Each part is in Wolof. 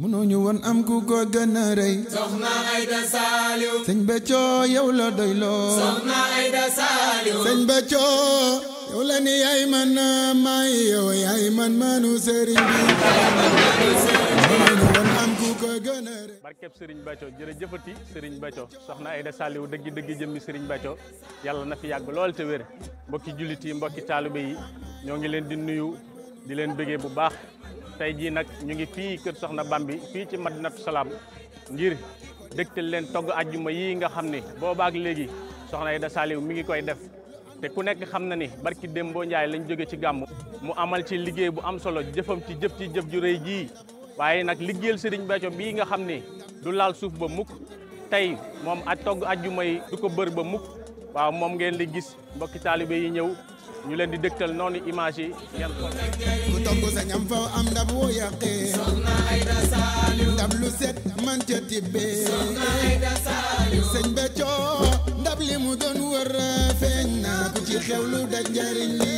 mënuñu woon am ku ko gën soxna Aida Saliou. sëñ Béthio yow la doyloo. soxna Aida Saliou. sëñ Béthio yow la ni yaay man na may yaay man manu sëriñ bi. mënuñu woon am ku ko gën sëriñ Béthio jërëjëfati sëriñ Béthio soxna Aida Saliou dëgg dëgg jëmmi sëriñ Béthio yàlla na fi yàgg lool te wér mbokki jullit yi mbokki taalibe ñoo ngi leen di nuyu di leen bëggee bu baax. tay ji nak ñu ngi fi keur soxna Bambi fi ci Madinatu salam ngir dektel len togg aljuma yi nga xam ne sohna legi soxna Aida Saliou mi ngi koy def te ku nek xamna ni barki Dembo Njaay lañ joge ci mu amal ci liggey bu am solo jëfëm ci jëf ci jëf ju reey ji waye nak liggeel Serigne bacio bi nga xam du laal suuf ba mukk tay mom ak togg aljuma yi du ko bër ba mukk waaw mom ngeen li gis mbokk talibé yi ñew ñu leen di dëgtal noonu image yi ngeen ku togg sa ñam faw am ndab woo yàqee soxna Aïda Saliou ndab lu set man ca tibbee soxna Aïda Saliou sëñ Béthio ndab li mu doon wër feeñ ku ci xewlu daj njariñ li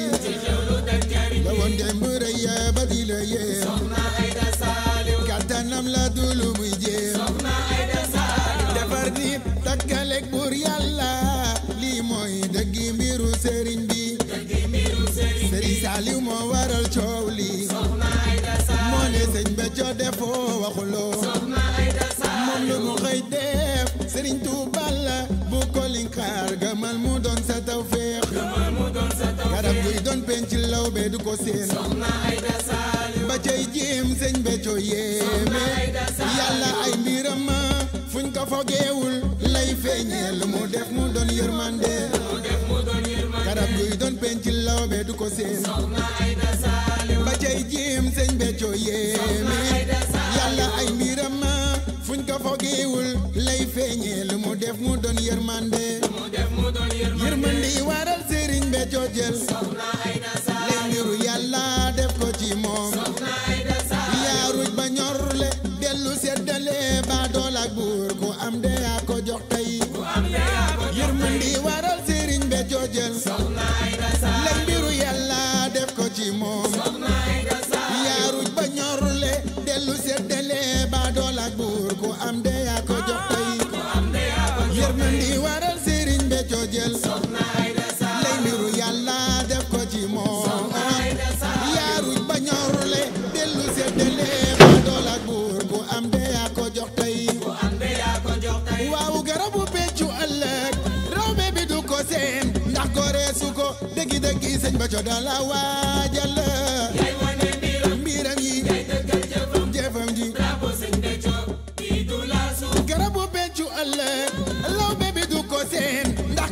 la woon démb rëy ba di la yee soxna Aïda Saliou la du Saliou moo waral coow li moo ne sëñ ba coo defoo waxuloo moom lu mu xëy def Sëriñ Tuuba la bu ko liñ xaar gëmal mu doon sa taw féex garab guy doon penc law be du ko seen ba cay jéem sëñ ba coo yéeme yàlla ay mbiram fuñ ko fogeewul lay feeñee lu mu def mu doon yërmande ko seen ba cay jéem sëñ Béthio yéeme yàlla ay mbiram fuñ ko fogeewul lay feeñee lu mu def mu doon yërmande yërmande yi waral sëriñ Béthio jël leen niru yàlla def ko ci moom yaaruj ba ñorle dellu seddale ba dool buur ku am de yaa ko jox tey yërmande yi waral sëriñ Béthio jël sëñ ba co dala waajal yaay wane mbiram mbiram yi yaay dëggal jëfam jëfam ji bravo sëñ de du la suuf garabu beccu du ko seen da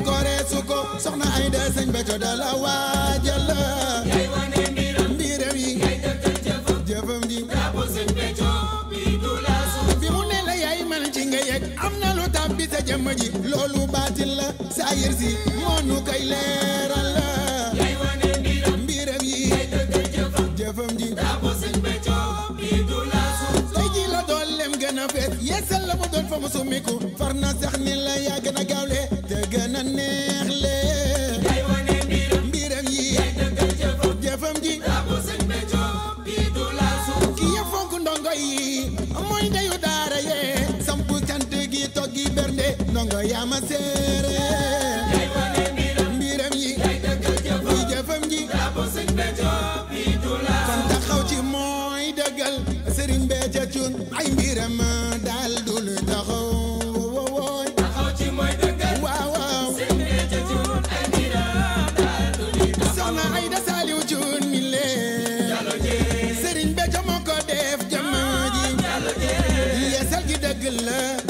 sëñ ba de co di du la suuf mu ne yaay man ci am na lu tàbbi sa jëmm ji loolu baatil la saayir si moo nu koy fa mu sumiku far la yaa gën a gaawle te gën neex le yaay wane yi yaay dëggal jëfam jëfam ji rabu sëñ be joob mooy ndeyu daara yee samp cant gi toog gi bernde ndongo yaa ma seere yaay wane mbiram mbiram yi yaay dëggal jëfam jëfam ji rabu sëñ be joob bi du la suuf kon ci mooy dëggal sëriñ be cun ay mbiram daal dul taxaw wooy taxaw ci def jëmm ji yeesal gi dëgg